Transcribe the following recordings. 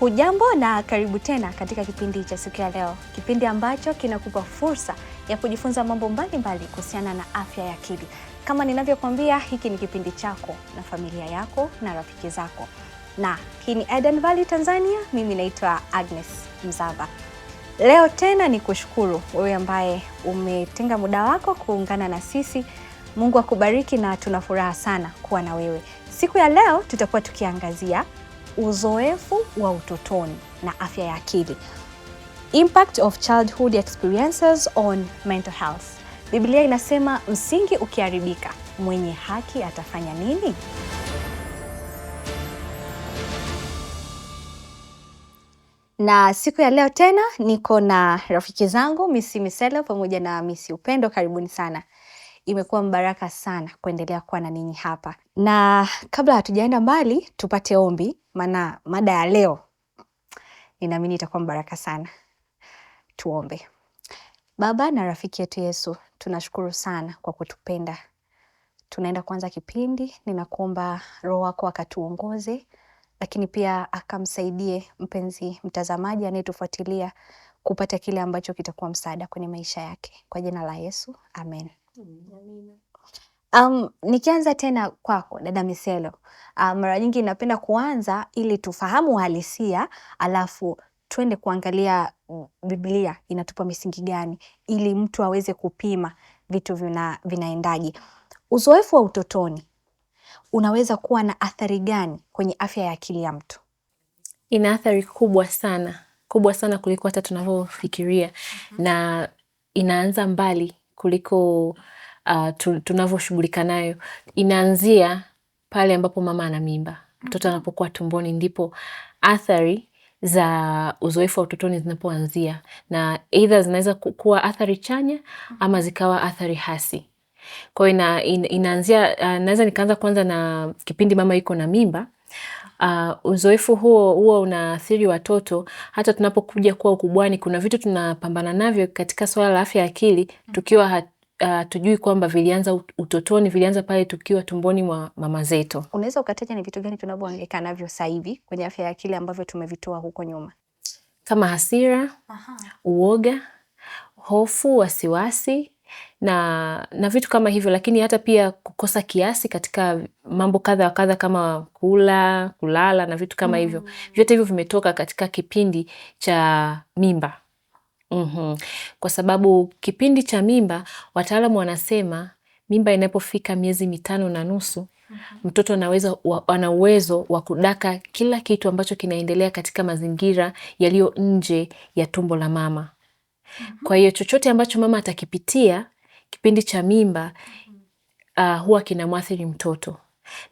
Hujambo na karibu tena katika kipindi cha siku ya leo, kipindi ambacho kinakupa fursa ya kujifunza mambo mbalimbali kuhusiana na afya ya akili. Kama ninavyokuambia, hiki ni kipindi chako na familia yako na rafiki zako, na hii ni Eden Valley Tanzania. Mimi naitwa Agnes Mzava. Leo tena ni kushukuru wewe ambaye umetenga muda wako kuungana na sisi. Mungu akubariki, na tuna furaha sana kuwa na wewe siku ya leo. Tutakuwa tukiangazia uzoefu wa utotoni na afya ya akili. Impact of childhood experiences on mental health. Biblia inasema msingi ukiharibika, mwenye haki atafanya nini? Na siku ya leo tena niko na rafiki zangu Misi Miselo pamoja na Misi Upendo. Karibuni sana, imekuwa mbaraka sana kuendelea kuwa na ninyi hapa, na kabla hatujaenda mbali, tupate ombi maana mada ya leo ninaamini itakuwa mbaraka sana. Tuombe. Baba na rafiki yetu Yesu, tunashukuru sana kwa kutupenda. Tunaenda kuanza kipindi, ninakuomba Roho wako akatuongoze, lakini pia akamsaidie mpenzi mtazamaji anayetufuatilia kupata kile ambacho kitakuwa msaada kwenye maisha yake, kwa jina la Yesu, amen. Amen. Um, nikianza tena kwako dada Miselo, uh, mara nyingi napenda kuanza ili tufahamu uhalisia, alafu twende kuangalia mm, Biblia inatupa misingi gani ili mtu aweze kupima vitu vina, vinaendaje. Uzoefu wa utotoni unaweza kuwa na athari gani kwenye afya ya akili ya mtu? Ina athari kubwa sana kubwa sana kuliko hata tunavyofikiria. mm -hmm. na inaanza mbali kuliko uh, tunavyoshughulika nayo inaanzia pale ambapo mama ana mimba, mtoto anapokuwa tumboni, ndipo athari za uzoefu wa utotoni zinapoanzia, na eidha zinaweza kuwa athari chanya ama zikawa athari hasi. Kwa hiyo ina, inaanzia uh, naweza nikaanza kwanza na kipindi mama iko na mimba. Uh, uzoefu huo huwa unaathiri watoto hata tunapokuja kuwa ukubwani. Kuna vitu tunapambana navyo katika swala la afya ya akili tukiwa uh, tujui kwamba vilianza utotoni, vilianza pale tukiwa tumboni mwa mama zetu. Unaweza ukataja ni vitu gani tunavyohangaika navyo sasa hivi kwenye afya ya akili ambavyo tumevitoa huko nyuma, kama hasira, Aha. uoga, hofu, wasiwasi na na vitu kama hivyo, lakini hata pia kukosa kiasi katika mambo kadha wa kadha kama kula, kulala na vitu kama mm. hivyo. Vyote hivyo vimetoka katika kipindi cha mimba. Mm-hmm. Kwa sababu kipindi cha mimba wataalamu wanasema mimba inapofika miezi mitano na nusu mm-hmm. mtoto anaweza ana uwezo wa kudaka kila kitu ambacho kinaendelea katika mazingira yaliyo nje ya tumbo la mama. Mm-hmm. Kwa hiyo chochote ambacho mama atakipitia kipindi cha mimba mm-hmm. uh, huwa kinamwathiri mtoto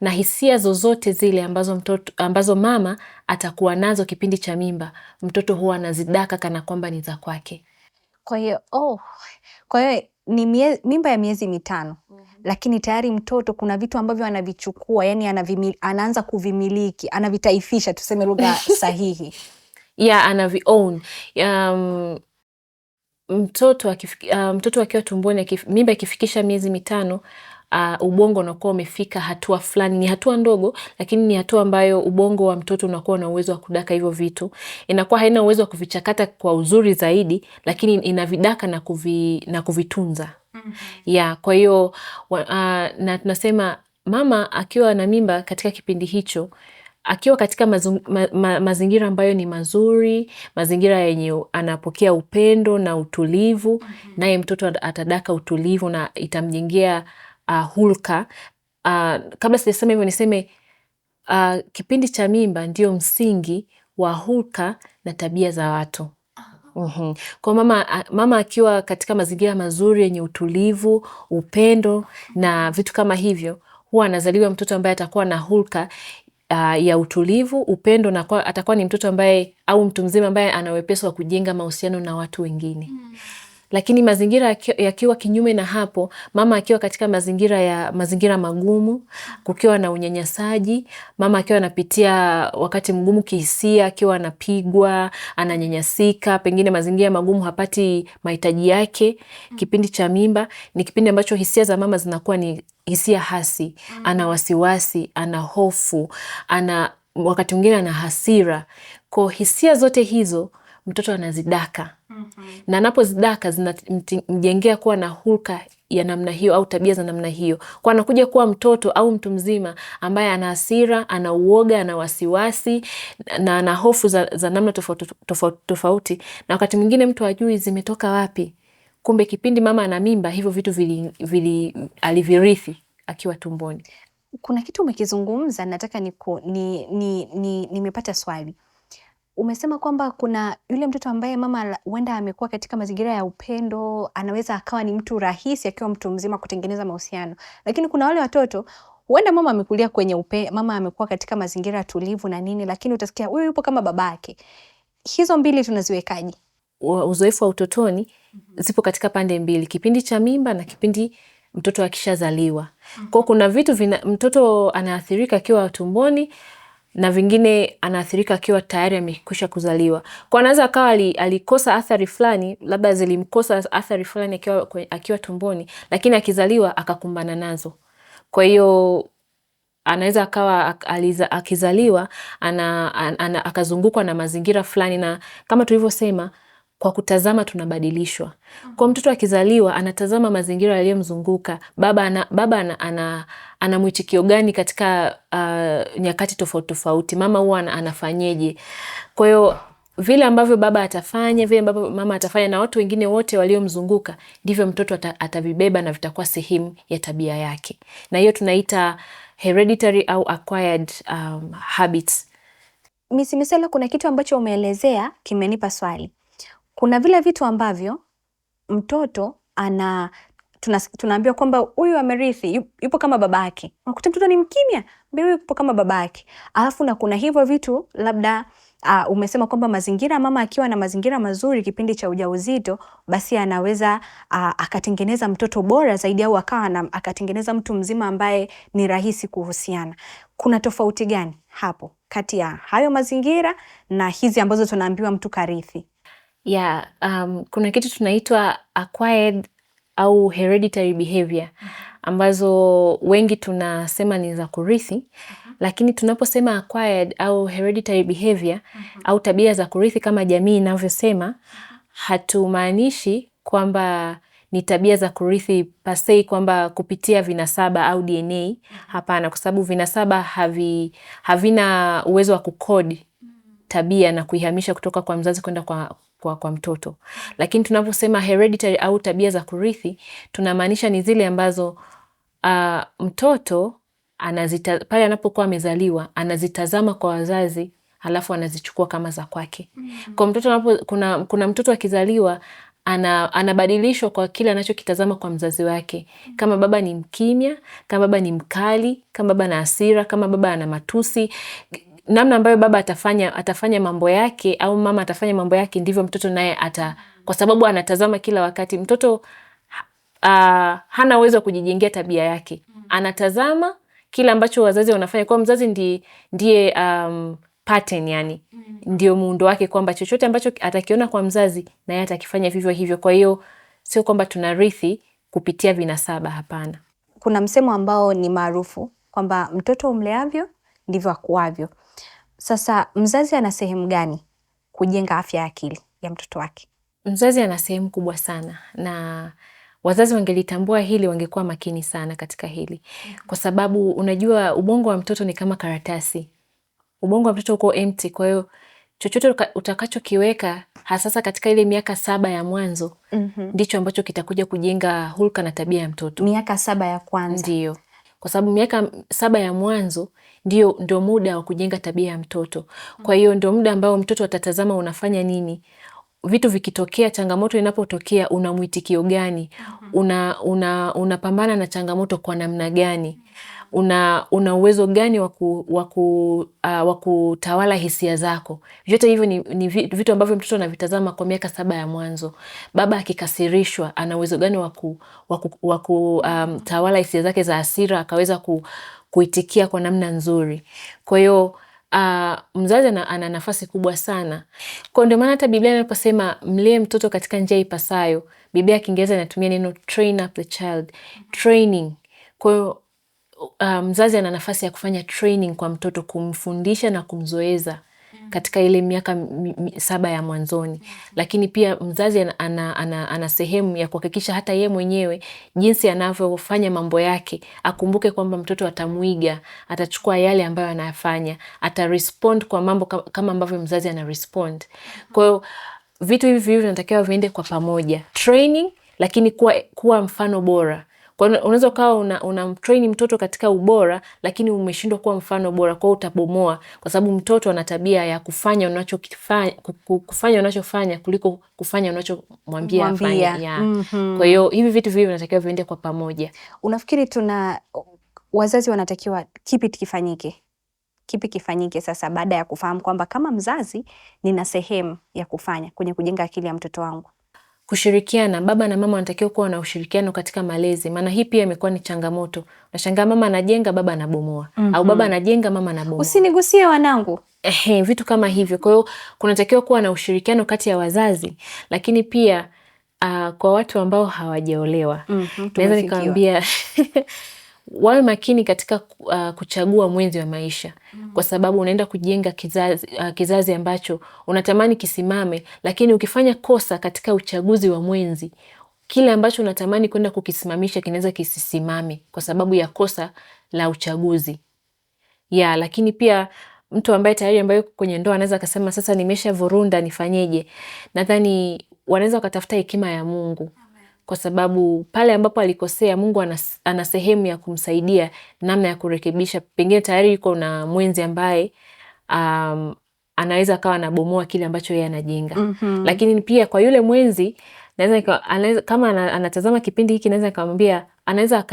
na hisia zozote zile ambazo, mtoto, ambazo mama atakuwa nazo kipindi cha mimba, mtoto huwa anazidaka kana kwamba ni za kwake. Kwa hiyo oh, kwa hiyo ni mie, mimba ya miezi mitano mm -hmm. Lakini tayari mtoto kuna vitu ambavyo anavichukua, yani anaanza kuvimiliki, anavitaifisha, tuseme lugha sahihi yeah, anavi own um, mtoto akiwa um, tumboni, mimba ikifikisha miezi mitano uh, ubongo unakuwa umefika hatua fulani. Ni hatua ndogo, lakini ni hatua ambayo ubongo wa mtoto unakuwa na uwezo wa kudaka hivyo vitu, inakuwa haina uwezo wa kuvichakata kwa uzuri zaidi, lakini inavidaka na, kuvi, na kuvitunza mm -hmm. ya kwa hiyo uh, na tunasema mama akiwa na mimba katika kipindi hicho akiwa katika mazung, ma, ma, mazingira ambayo ni mazuri, mazingira yenye anapokea upendo na utulivu mm -hmm. Naye mtoto atadaka utulivu na itamjengea uh, hulka uh, kabla sijasema hivyo niseme uh, kipindi cha mimba ndio msingi wa hulka na tabia za watu. Mm -hmm. Kwa mama, mama akiwa katika mazingira mazuri yenye utulivu, upendo na vitu kama hivyo, huwa anazaliwa mtoto ambaye atakuwa na hulka uh, ya utulivu, upendo na kwa, atakuwa ni mtoto ambaye au mtu mzima ambaye ana wepesi wa kujenga mahusiano na watu wengine. Mm. Lakini mazingira yakiwa kinyume na hapo, mama akiwa katika mazingira ya mazingira magumu, kukiwa na unyanyasaji, mama akiwa anapitia wakati mgumu kihisia, akiwa anapigwa, ananyanyasika, pengine mazingira magumu, hapati mahitaji yake. Kipindi cha mimba ni kipindi ambacho hisia za mama zinakuwa ni hisia hasi, ana wasiwasi, ana hofu, ana wakati mwingine ana hasira. Kwa hisia zote hizo mtoto anazidaka mm -hmm. na anapozidaka zinamjengea kuwa na hulka ya namna hiyo au tabia za namna hiyo, kwa anakuja kuwa mtoto au mtu mzima ambaye ana hasira, ana uoga, ana wasiwasi na ana hofu za, za namna tofauti tofauti tofauti, na wakati mwingine mtu ajui zimetoka wapi. Kumbe kipindi mama ana mimba hivyo vitu vili, vili, alivirithi akiwa tumboni. Kuna kitu umekizungumza nataka nimepata ni, ni, ni, ni swali Umesema kwamba kuna yule mtoto ambaye mama huenda amekuwa katika mazingira ya upendo, anaweza akawa ni mtu rahisi akiwa mtu mzima kutengeneza mahusiano, lakini kuna wale watoto huenda mama amekulia kwenye upe, mama amekuwa katika mazingira tulivu na nini, lakini utasikia huyo yupo kama babake. Hizo mbili tunaziwekaje? Uzoefu wa utotoni mhm. zipo katika pande mbili, kipindi cha mimba na kipindi mtoto akishazaliwa. Mhm. Kwa kuna vitu vina, mtoto anaathirika akiwa tumboni na vingine anaathirika akiwa tayari amekwisha kuzaliwa. Kwa anaweza akawa alikosa athari fulani, labda zilimkosa athari fulani akiwa, akiwa tumboni, lakini akizaliwa akakumbana nazo. Kwa hiyo anaweza akawa akizaliwa ana, ana, akazungukwa na mazingira fulani, na kama tulivyosema kwa kutazama tunabadilishwa. Mm-hmm. Kwa mtoto akizaliwa anatazama mazingira yaliyomzunguka, baba ana, baba ana, ana, ana mwitikio gani katika uh, nyakati tofauti tofauti, mama huwa anafanyeje? Kwa hiyo vile ambavyo baba atafanya, vile ambavyo mama atafanya na watu wengine wote waliomzunguka, ndivyo mtoto atavibeba na vitakuwa sehemu ya tabia yake, na hiyo tunaita hereditary au acquired um, habits. Misimiselo, kuna kitu ambacho umeelezea kimenipa swali kuna vile vitu ambavyo mtoto ana tuna, tunaambiwa kwamba huyu amerithi, yupo kama babake. Unakuta mtoto ni mkimya, mbele yupo kama babake, alafu na kuna hivyo vitu labda Uh, umesema kwamba mazingira, mama akiwa na mazingira mazuri kipindi cha ujauzito, basi anaweza uh, akatengeneza mtoto bora zaidi au akawa na akatengeneza mtu mzima ambaye ni rahisi kuhusiana. Kuna tofauti gani hapo kati ya hayo mazingira na hizi ambazo tunaambiwa mtu karithi? ya um, kuna kitu tunaitwa acquired au hereditary behavior ambazo wengi tunasema ni za kurithi uh -huh. Lakini tunaposema acquired au hereditary behavior uh -huh. au tabia za kurithi kama jamii inavyosema, hatumaanishi kwamba ni tabia za kurithi pasei kwamba kupitia vinasaba au DNA. Hapana, kwa sababu vinasaba havi, havina uwezo wa kukodi tabia na kuihamisha kutoka kwa mzazi kwenda kwa kwa, kwa mtoto. Lakini tunaposema hereditary au tabia za kurithi, tunamaanisha ni zile ambazo uh, mtoto anazita, pale anapokuwa amezaliwa anazitazama kwa wazazi alafu anazichukua kama za kwake. Mm -hmm. Kwa mtoto anapo, kuna, kuna mtoto akizaliwa ana, anabadilishwa kwa kile anachokitazama kwa mzazi wake. Kama baba ni mkimya, kama baba ni mkali, kama baba ana hasira, kama baba ana matusi, namna ambayo baba atafanya atafanya mambo yake au mama atafanya mambo yake, ndivyo mtoto naye ata, kwa sababu anatazama kila wakati mtoto Uh, hana uwezo wa kujijengea tabia yake, anatazama kila ambacho wazazi wanafanya. Kwa mzazi ndi, ndiye um, pattern yani, ndio muundo wake, kwamba chochote ambacho atakiona kwa mzazi naye atakifanya vivyo hivyo. Kwa hiyo sio kwamba tunarithi kupitia vinasaba, hapana. Kuna msemo ambao ni maarufu kwamba mtoto umleavyo ndivyo akuavyo. Sasa mzazi ana sehemu gani kujenga afya ya akili ya mtoto wake? Mzazi ana sehemu kubwa sana, na wazazi wangelitambua hili wangekuwa makini sana katika hili, mm-hmm. kwa sababu unajua ubongo wa mtoto ni kama karatasi. Ubongo wa mtoto uko empty, kwa hiyo chochote utakachokiweka hasasa katika ile miaka saba ya mwanzo mm-hmm. ndicho mm -hmm. ambacho kitakuja kujenga hulka na tabia ya mtoto. Miaka saba ya kwanza, ndio kwa sababu miaka saba ya mwanzo ndio ndio muda wa kujenga tabia ya mtoto. Kwa hiyo ndio muda ambao mtoto atatazama unafanya nini, vitu vikitokea, changamoto inapotokea, una mwitikio gani? Unapambana mhm. una, una na changamoto kwa namna gani? Una, una uwezo gani wa ah, kutawala uh, hisia zako? Vyote hivyo ni, ni vitu ambavyo mtoto anavitazama kwa miaka saba ya mwanzo. Baba akikasirishwa, ana uwezo gani wa kutawala um, hisia zake za hasira akaweza ku, kuitikia kwa namna nzuri? Kwa hiyo uh, mzazi ana, ana nafasi kubwa sana. Kwa ndio maana hata Biblia inaposema mlee mtoto katika njia ipasayo, Biblia ya Kiingereza inatumia neno train up the child, training. Kwa hiyo uh, mzazi ana nafasi ya kufanya training kwa mtoto, kumfundisha na kumzoeza katika ile miaka saba ya mwanzoni, lakini pia mzazi ana, ana, ana, ana sehemu ya kuhakikisha hata yeye mwenyewe jinsi anavyofanya mambo yake, akumbuke kwamba mtoto atamwiga, atachukua yale ambayo anayafanya, atarespond kwa mambo kama ambavyo mzazi anarespond. Kwa hiyo vitu hivi viwili vinatakiwa viende kwa pamoja, training lakini kuwa, kuwa mfano bora kwa hiyo unaweza ukawa unamtrain una mtoto katika ubora, lakini umeshindwa kuwa mfano bora, kwa hiyo utabomoa, kwa sababu mtoto ana tabia ya kufanya unachokifanya kufanya unachofanya kuliko kufanya unachomwambia afanye. Mm -hmm. Kwa hiyo hivi vitu viwili vinatakiwa viende kwa pamoja. Unafikiri tuna wazazi wanatakiwa kipi kifanyike? Kipi kifanyike sasa baada ya kufahamu kwamba kama mzazi nina sehemu ya kufanya kwenye kujenga akili ya mtoto wangu? Kushirikiana, baba na mama wanatakiwa kuwa na ushirikiano katika malezi, maana hii pia imekuwa ni changamoto. Unashangaa mama anajenga, baba anabomoa mm -hmm. au baba mhm. anajenga, mama anabomoa, usinigusie wanangu Ehe, vitu kama hivyo. Kwa hiyo kunatakiwa kuwa na ushirikiano kati ya wazazi, lakini pia uh, kwa watu ambao hawajaolewa mm -hmm, naweza nikawambia wawe makini katika uh, kuchagua mwenzi wa maisha mm. Kwa sababu unaenda kujenga kizazi, uh, kizazi ambacho unatamani kisimame, lakini ukifanya kosa katika uchaguzi wa mwenzi, kile ambacho unatamani kwenda kukisimamisha kinaweza kisisimame kwa sababu ya kosa la uchaguzi ya. Lakini pia mtu ambaye tayari ambaye kwenye ndoa anaweza akasema sasa nimesha vurunda, nifanyeje? Nadhani wanaweza wakatafuta hekima ya Mungu kwa sababu pale ambapo alikosea Mungu ana sehemu ya kumsaidia namna ya kurekebisha. Pengine tayari yuko na mwenzi ambaye um, anaweza akawa anabomoa kile ambacho yeye anajenga mm -hmm. Lakini pia kwa yule mwenzi naweza kama anatazama kipindi hiki, naweza nikamwambia anaweza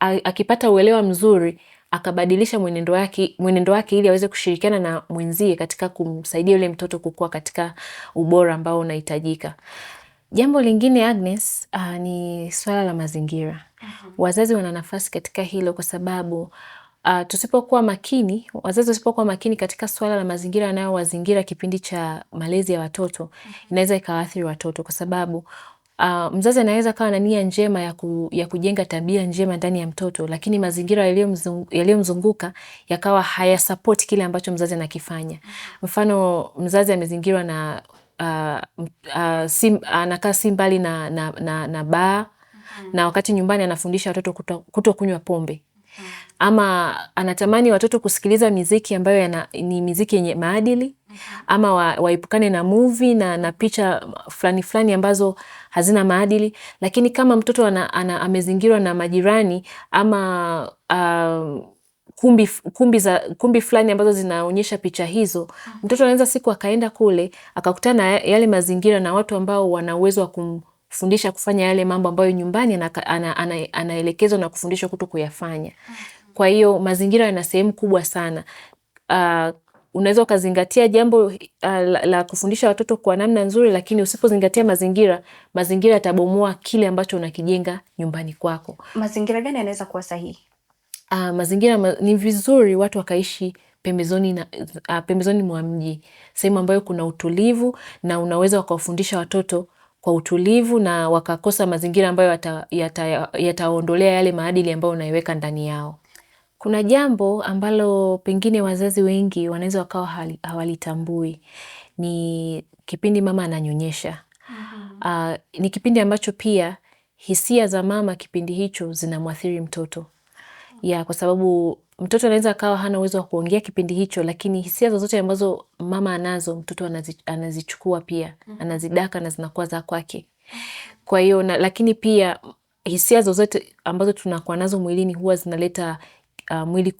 akipata uelewa mzuri akabadilisha mwenendo wake mwenendo wake ili aweze kushirikiana na mwenzie katika kumsaidia yule mtoto kukua katika ubora ambao unahitajika. Jambo lingine Agnes, uh, ni swala la mazingira. Uhum. Wazazi wana nafasi katika hilo kwa sababu uh, tusipokuwa makini, wazazi wasipokuwa makini katika swala la mazingira yanayowazingira kipindi cha malezi ya watoto, inaweza ikawaathiri watoto kwa sababu Uh, mzazi anaweza kawa na nia njema ya, ku, ya kujenga tabia njema ndani ya mtoto, lakini mazingira yaliyomzunguka yakawa hayasapoti kile ambacho mzazi anakifanya. Mfano, mzazi amezingirwa na uh, uh, anakaa si mbali na, na, na, na baa mm -hmm. na wakati nyumbani anafundisha watoto kuto kunywa pombe mm -hmm. ama anatamani watoto kusikiliza miziki ambayo yana, ni miziki yenye maadili mhm. ama waepukane na muvi na, na picha fulani fulani ambazo hazina maadili, lakini kama mtoto ana, ana, amezingirwa na majirani ama uh, kumbi, kumbi, za, kumbi fulani ambazo zinaonyesha picha hizo mm -hmm. Mtoto anaweza siku akaenda kule akakutana na yale mazingira na watu ambao wana uwezo wa kumfundisha kufanya yale mambo ambayo nyumbani anaelekezwa ana, ana, ana na kufundishwa kuto kuyafanya mm -hmm. Kwa hiyo mazingira yana sehemu kubwa sana uh, unaweza ukazingatia jambo uh, la, la kufundisha watoto kwa namna nzuri, lakini usipozingatia mazingira, mazingira yatabomoa kile ambacho unakijenga nyumbani kwako. Mazingira gani yanaweza kuwa sahihi? uh, mazingira ma, ni vizuri watu wakaishi pembezoni na, uh, pembezoni mwa mji, sehemu ambayo kuna utulivu na unaweza wakawafundisha watoto kwa utulivu na wakakosa mazingira ambayo yataondolea yata, yata yale maadili ambayo unaiweka ndani yao. Kuna jambo ambalo pengine wazazi wengi wanaweza wakawa hawalitambui ni kipindi mama ananyonyesha. Uh, ni kipindi ambacho pia hisia za mama kipindi hicho zinamwathiri mtoto ya kwa sababu mtoto anaweza akawa hana uwezo wa kuongea kipindi hicho, lakini hisia zozote ambazo mama anazo mtoto anazi, anazichukua pia mm-hmm. anazidaka na zinakuwa za kwake. Kwa hiyo lakini pia hisia zozote ambazo tunakuwa nazo mwilini huwa zinaleta uh, mwili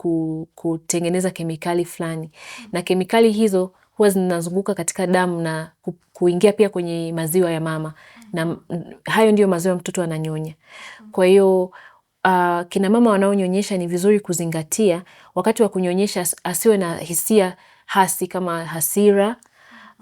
kutengeneza kemikali fulani, mm-hmm. na kemikali hizo huwa zinazunguka katika damu na kuingia pia kwenye maziwa ya mama, mm-hmm. na hayo ndiyo maziwa mtoto ananyonya. Kwa hiyo uh, kina mama wanaonyonyesha ni vizuri kuzingatia wakati wa kunyonyesha asiwe na hisia hasi kama hasira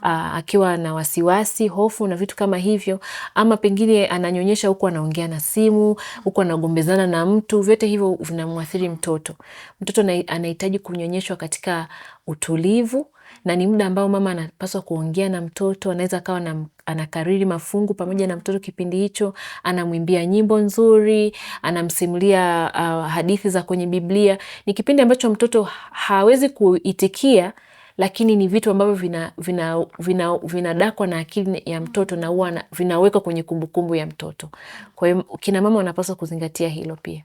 Uh, akiwa na wasiwasi, hofu na vitu kama hivyo, ama pengine ananyonyesha huku anaongea na simu, huku anagombezana na mtu, vyote hivyo vinamwathiri mtoto. Mtoto anahitaji kunyonyeshwa katika utulivu na ni muda ambao mama anapaswa kuongea na mtoto. Anaweza akawa na anakariri mafungu pamoja na mtoto kipindi hicho, anamwimbia nyimbo nzuri, anamsimulia uh, hadithi za kwenye Biblia. Ni kipindi ambacho mtoto hawezi kuitikia lakini ni vitu ambavyo vinadakwa vina, vina, vina na akili ya mtoto na huwa vinawekwa kwenye kumbukumbu ya mtoto. Kwa hiyo kina mama wanapaswa kuzingatia hilo pia.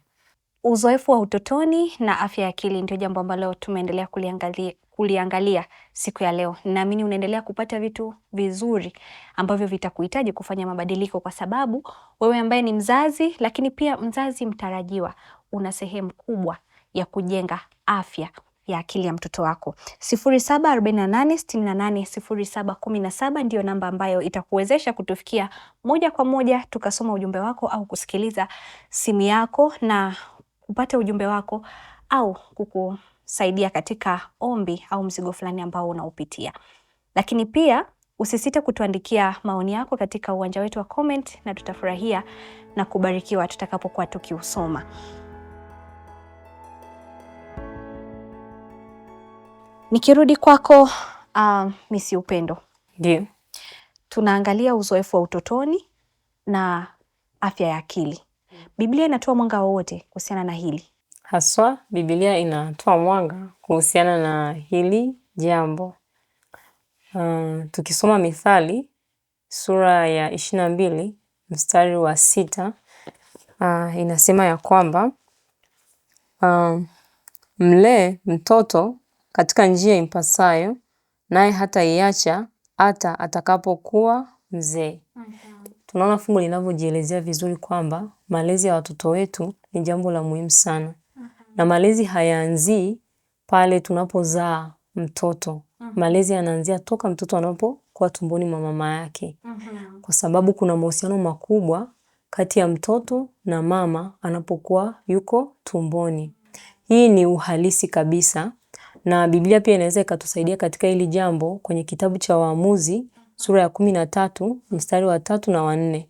Uzoefu wa utotoni na afya ya akili ndio jambo ambalo tumeendelea kuliangalia kuliangalia siku ya leo. Naamini unaendelea kupata vitu vizuri ambavyo vitakuhitaji kufanya mabadiliko, kwa sababu wewe ambaye ni mzazi, lakini pia mzazi mtarajiwa, una sehemu kubwa ya kujenga afya ya akili ya mtoto wako. 0748680717 ndiyo namba ambayo itakuwezesha kutufikia moja kwa moja tukasoma ujumbe wako au kusikiliza simu yako na kupata ujumbe wako au kuku kukusaidia katika ombi au mzigo fulani ambao unaupitia. Lakini pia usisite kutuandikia maoni yako katika uwanja wetu wa comment, na tutafurahia na kubarikiwa tutakapokuwa tukiusoma. Nikirudi kwako, uh, ah, Misi Upendo, ndio tunaangalia uzoefu wa utotoni na afya ya akili. Biblia inatoa mwanga wowote kuhusiana na hili? Haswa Biblia inatoa mwanga kuhusiana na hili jambo. Uh, tukisoma Mithali sura ya ishirini na mbili mstari wa sita uh, inasema ya kwamba uh, mlee mtoto katika njia impasayo, naye hata iacha hata atakapokuwa mzee. Tunaona fungu linavyojielezea vizuri kwamba malezi ya watoto wetu ni jambo la muhimu sana na malezi hayaanzii pale tunapozaa mtoto. Mm. Malezi yanaanzia toka mtoto anapokuwa tumboni mwa mama yake, Mm -hmm. kwa sababu kuna mahusiano makubwa kati ya mtoto na mama anapokuwa yuko tumboni. Hii ni uhalisi kabisa na Biblia pia inaweza ikatusaidia katika hili jambo kwenye kitabu cha Waamuzi sura ya kumi na tatu mstari wa tatu na wanne. nne.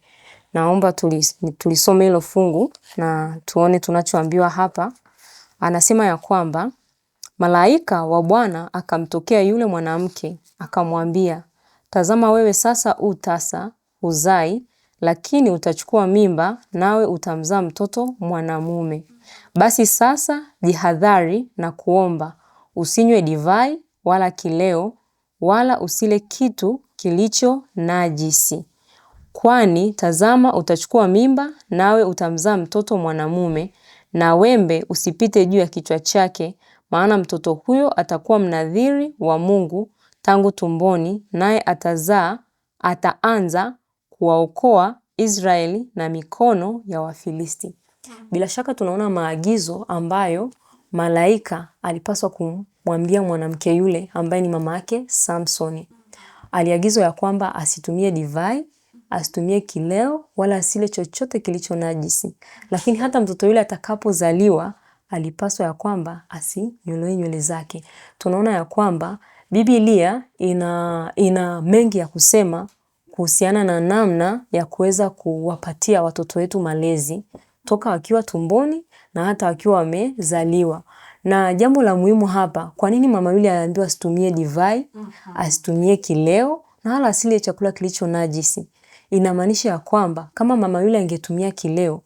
Naomba tulisome hilo fungu na tuone tunachoambiwa hapa anasema ya kwamba malaika wa Bwana akamtokea yule mwanamke akamwambia, tazama, wewe sasa u tasa uzai, lakini utachukua mimba, nawe utamzaa mtoto mwanamume. Basi sasa jihadhari na kuomba, usinywe divai wala kileo wala usile kitu kilicho najisi, kwani tazama, utachukua mimba, nawe utamzaa mtoto mwanamume, na wembe usipite juu ya kichwa chake, maana mtoto huyo atakuwa mnadhiri wa Mungu tangu tumboni, naye atazaa, ataanza kuwaokoa Israeli na mikono ya Wafilisti. Bila shaka tunaona maagizo ambayo malaika alipaswa kumwambia mwanamke yule ambaye ni mama yake Samsoni. Aliagizwa ya kwamba asitumie divai asitumie kileo wala asile chochote kilicho najisi. Lakini hata mtoto yule atakapozaliwa alipaswa ya kwamba asinyolewe nywele zake. Tunaona ya kwamba Biblia ina, ina mengi ya kusema kuhusiana na namna ya kuweza kuwapatia watoto wetu malezi toka wakiwa tumboni na hata wakiwa wamezaliwa. Na jambo la muhimu hapa, kwa nini mama yule aliambiwa asitumie divai, mhm. asitumie kileo na wala asile chakula kilicho najisi? Inamaanisha ya kwamba kama mama yule angetumia kileo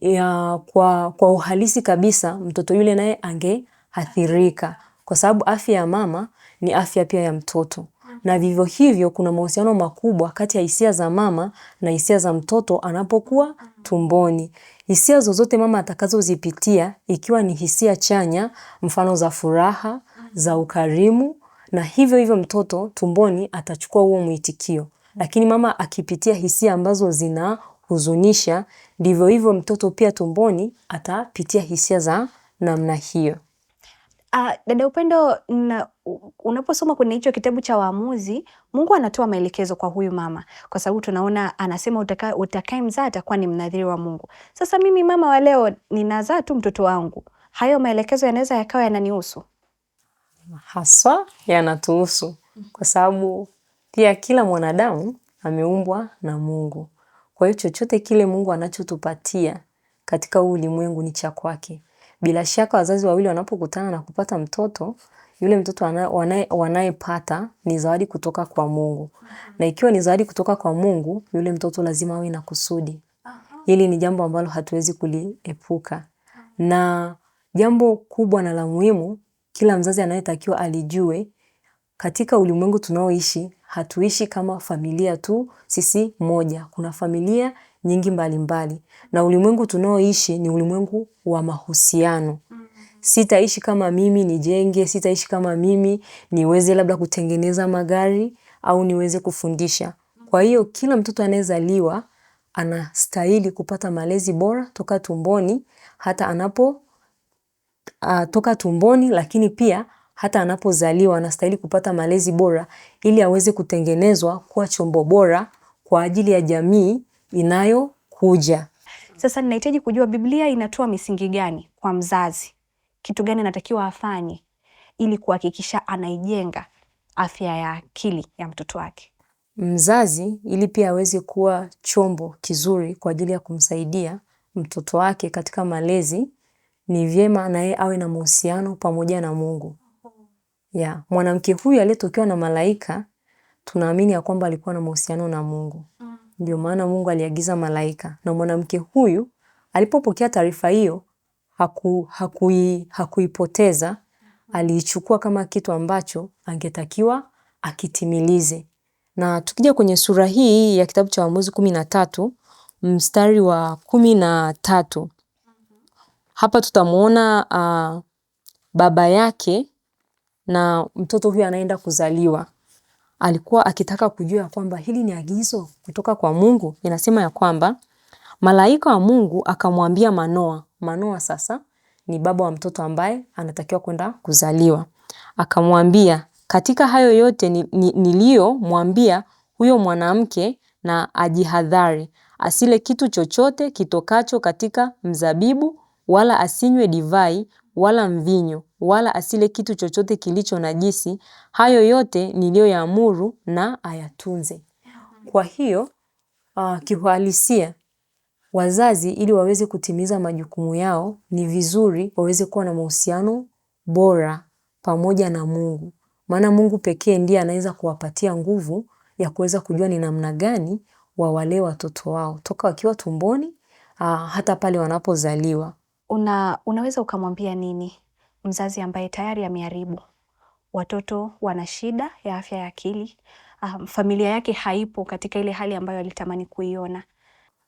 ya kwa, kwa uhalisi kabisa mtoto yule naye angeathirika, kwa sababu afya ya mama ni afya pia ya mtoto, na vivyo hivyo kuna mahusiano makubwa kati ya hisia za mama na hisia za mtoto anapokuwa tumboni. Hisia zozote mama atakazozipitia ikiwa ni hisia chanya, mfano za furaha, za ukarimu, na hivyo hivyo mtoto tumboni atachukua huo mwitikio. Lakini mama akipitia hisia ambazo zinahuzunisha, ndivyo hivyo mtoto pia tumboni atapitia hisia za namna hiyo. Uh, dada Upendo unaposoma kwenye hicho kitabu cha Waamuzi, Mungu anatoa maelekezo kwa huyu mama, kwa sababu tunaona anasema utakaye mzaa atakuwa ni mnadhiri wa Mungu. Sasa mimi mama wa leo ninazaa tu mtoto wangu, hayo maelekezo yanaweza yakawa yananihusu haswa, yanatuhusu kwa sababu pia kila mwanadamu ameumbwa na Mungu. Kwa hiyo chochote kile Mungu anachotupatia katika huu ulimwengu ni cha kwake. Bila shaka wazazi wawili wanapokutana na kupata mtoto, yule mtoto wanayepata ni zawadi kutoka kwa Mungu. Na ikiwa ni zawadi kutoka kwa Mungu, yule mtoto lazima awe na kusudi. Hili ni jambo ambalo hatuwezi kuliepuka. Na jambo kubwa na la muhimu, kila mzazi anayetakiwa alijue, katika ulimwengu tunaoishi, hatuishi kama familia tu sisi moja. Kuna familia nyingi mbalimbali mbali. Na ulimwengu tunaoishi ni ulimwengu wa mahusiano. Mm-hmm. Sitaishi kama mimi nijenge, sitaishi kama mimi niweze labda kutengeneza magari au niweze kufundisha. Kwa hiyo kila mtoto anayezaliwa anastahili kupata malezi bora toka tumboni hata anapo ah, toka tumboni lakini pia hata anapozaliwa anastahili kupata malezi bora ili aweze kutengenezwa kuwa chombo bora kwa ajili ya jamii inayokuja. Sasa ninahitaji kujua Biblia inatoa misingi gani kwa mzazi, kitu gani anatakiwa afanye ili kuhakikisha anaijenga afya ya akili ya mtoto wake mzazi, ili pia aweze kuwa chombo kizuri kwa ajili ya kumsaidia mtoto wake katika malezi. Ni vyema naye awe na mahusiano pamoja na Mungu ya mwanamke huyu aliyetokewa na malaika tunaamini ya kwamba alikuwa na mahusiano na Mungu. Mm. Ndio maana Mungu aliagiza malaika. Na mwanamke huyu alipopokea taarifa hiyo haku, hakui, hakuipoteza, mm. aliichukua kama kitu ambacho angetakiwa akitimilize. Na tukija kwenye sura hii ya kitabu cha Waamuzi kumi na tatu mstari wa kumi na tatu mm-hmm. hapa tutamwona uh, ah, baba yake na mtoto huyo anaenda kuzaliwa alikuwa akitaka kujua ya kwamba hili ni agizo kutoka kwa Mungu. Inasema ya kwamba malaika wa Mungu akamwambia Manoa, Manoa sasa ni baba wa mtoto ambaye anatakiwa kwenda kuzaliwa, akamwambia katika hayo yote niliyomwambia ni, ni huyo mwanamke na ajihadhari asile kitu chochote kitokacho katika mzabibu wala asinywe divai wala mvinyo wala asile kitu chochote kilicho najisi. Hayo yote niliyoyaamuru na ayatunze. Kwa hiyo uh, kiuhalisia wazazi ili waweze kutimiza majukumu yao ni vizuri waweze kuwa na mahusiano bora pamoja na Mungu. Maana Mungu pekee ndiye anaweza kuwapatia nguvu ya kuweza kujua ni namna gani wawalee watoto wao toka wakiwa tumboni, uh, hata pale wanapozaliwa. Una, unaweza ukamwambia nini mzazi ambaye tayari ameharibu, watoto wana shida ya afya ya akili, um, familia yake haipo katika ile hali ambayo alitamani kuiona.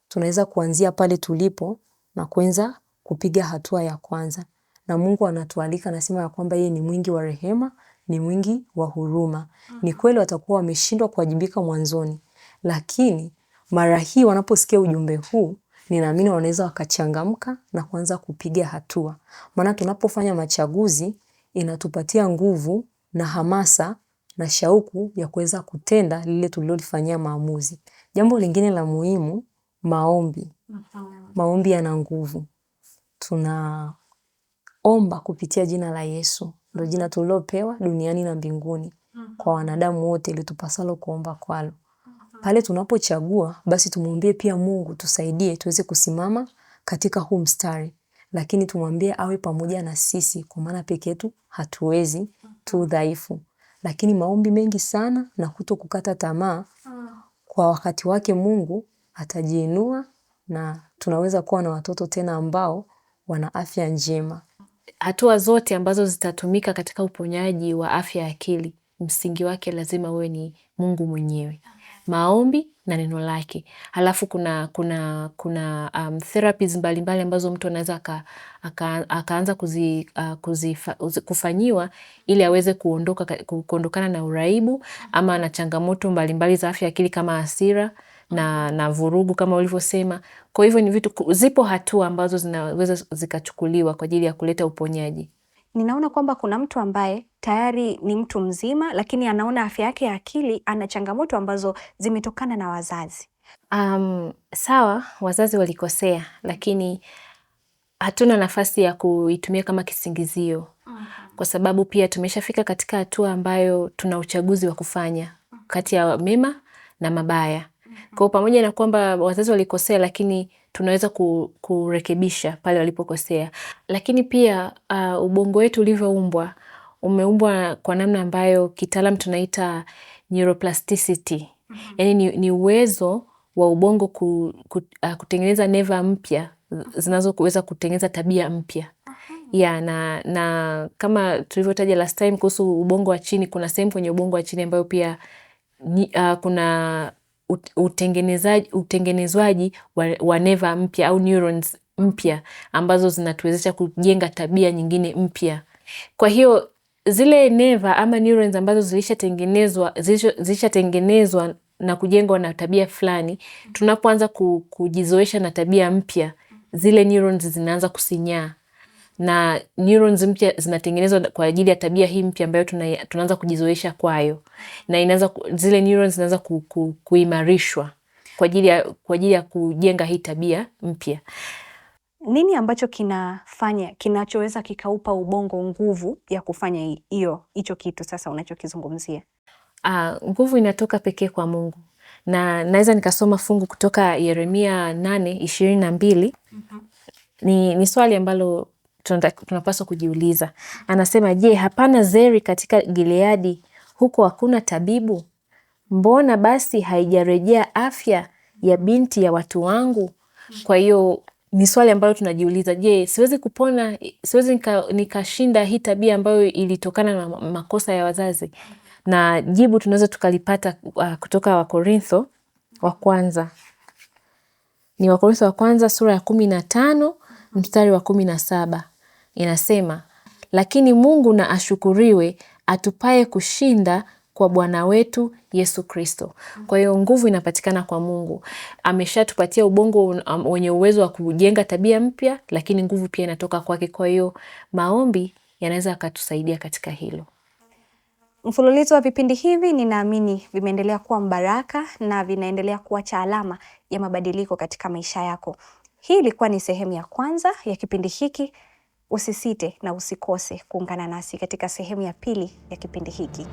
Tunaweza kuanzia pale tulipo na kuanza kupiga hatua ya kwanza, na Mungu anatualika anasema ya kwamba yeye ni mwingi wa rehema, ni mwingi wa huruma. Ni mm. kweli watakuwa wameshindwa kuwajibika mwanzoni, lakini mara hii wanaposikia ujumbe huu ninaamini wanaweza wakachangamka na kuanza kupiga hatua. Maana tunapofanya machaguzi inatupatia nguvu na hamasa na shauku ya kuweza kutenda lile tulilolifanyia maamuzi. Jambo lingine la muhimu, maombi. Maombi yana nguvu. Tunaomba kupitia jina la Yesu. Ndio jina tulilopewa duniani na mbinguni. Kwa wanadamu wote litupasalo kuomba kwalo pale tunapochagua basi tumwombee pia Mungu tusaidie tuweze kusimama katika huu mstari, lakini tumwambie awe pamoja na sisi, kwa maana peke yetu hatuwezi, tu dhaifu. Lakini maombi mengi sana na kuto kukata tamaa, kwa wakati wake Mungu atajiinua na tunaweza kuwa na watoto tena ambao wana afya njema. Hatua zote ambazo zitatumika katika uponyaji wa afya ya akili, msingi wake lazima uwe ni Mungu mwenyewe maombi na neno lake. Halafu kuna kuna kuna um, therapies mbalimbali ambazo mtu anaweza akaanza aka, aka kuzi, uh, kuzi, kufanyiwa ili aweze kuondoka kuondokana na uraibu ama na changamoto mbalimbali za afya akili kama hasira na, na vurugu kama ulivyosema. Kwa hivyo ni vitu zipo hatua ambazo zinaweza zikachukuliwa kwa ajili ya kuleta uponyaji ninaona kwamba kuna mtu ambaye tayari ni mtu mzima, lakini anaona afya yake ya akili, ana changamoto ambazo zimetokana na wazazi. Um, sawa, wazazi walikosea, lakini hatuna nafasi ya kuitumia kama kisingizio kwa sababu pia tumeshafika katika hatua ambayo tuna uchaguzi wa kufanya kati ya mema na mabaya. Kwa hiyo pamoja na kwamba wazazi walikosea, lakini tunaweza kurekebisha pale walipokosea. Lakini pia uh, ubongo wetu ulivyoumbwa umeumbwa kwa namna ambayo kitaalam tunaita neuroplasticity. mm -hmm. Yaani ni, ni uwezo wa ubongo ku, ku, uh, kutengeneza neva mpya zinazoweza kutengeneza tabia mpya ya na, na kama tulivyotaja last time kuhusu ubongo wa chini, kuna sehemu kwenye ubongo wa chini ambayo pia uh, kuna utengenezwaji wa neva mpya au neurons mpya ambazo zinatuwezesha kujenga tabia nyingine mpya. Kwa hiyo zile neva ama neurons ambazo zilishatengenezwa zilishatengenezwa na kujengwa na tabia fulani, tunapoanza kujizoesha na tabia mpya, zile neurons zinaanza kusinyaa na neurons mpya zinatengenezwa kwa ajili ya tabia hii mpya ambayo tunaanza kujizoesha kwayo na inaanza zile neurons zinaanza ku, ku, kuimarishwa kwa ajili ya kwa ajili ya kujenga hii tabia mpya. Nini ambacho kinafanya kinachoweza kikaupa ubongo nguvu ya kufanya hiyo hicho kitu sasa unachokizungumzia? Uh, nguvu inatoka pekee kwa Mungu na naweza nikasoma fungu kutoka Yeremia nane ishirini na mbili. mm -hmm. Ni, ni swali ambalo tunapaswa kujiuliza. Anasema, je, hapana zeri katika Gileadi? Huko hakuna tabibu? Mbona basi haijarejea afya ya binti ya watu wangu? Kwa hiyo ni swali ambalo tunajiuliza, je, siwezi kupona? Siwezi nikashinda nika hii tabia ambayo ilitokana na makosa ya wazazi? Na jibu tunaweza tukalipata uh, kutoka Wakorintho wa kwanza ni Wakorintho wa kwanza sura ya kumi na tano mstari wa kumi na saba inasema, lakini Mungu na ashukuriwe atupaye kushinda kwa Bwana wetu Yesu Kristo. Kwa hiyo nguvu inapatikana kwa Mungu. Ameshatupatia ubongo wenye uwezo wa kujenga tabia mpya, lakini nguvu pia inatoka kwake. Kwa hiyo maombi yanaweza akatusaidia katika hilo. Mfululizo wa vipindi hivi ninaamini vimeendelea kuwa mbaraka na vinaendelea kuacha alama ya mabadiliko katika maisha yako. Hii ilikuwa ni sehemu ya kwanza ya kipindi hiki. Usisite na usikose kuungana nasi katika sehemu ya pili ya kipindi hiki.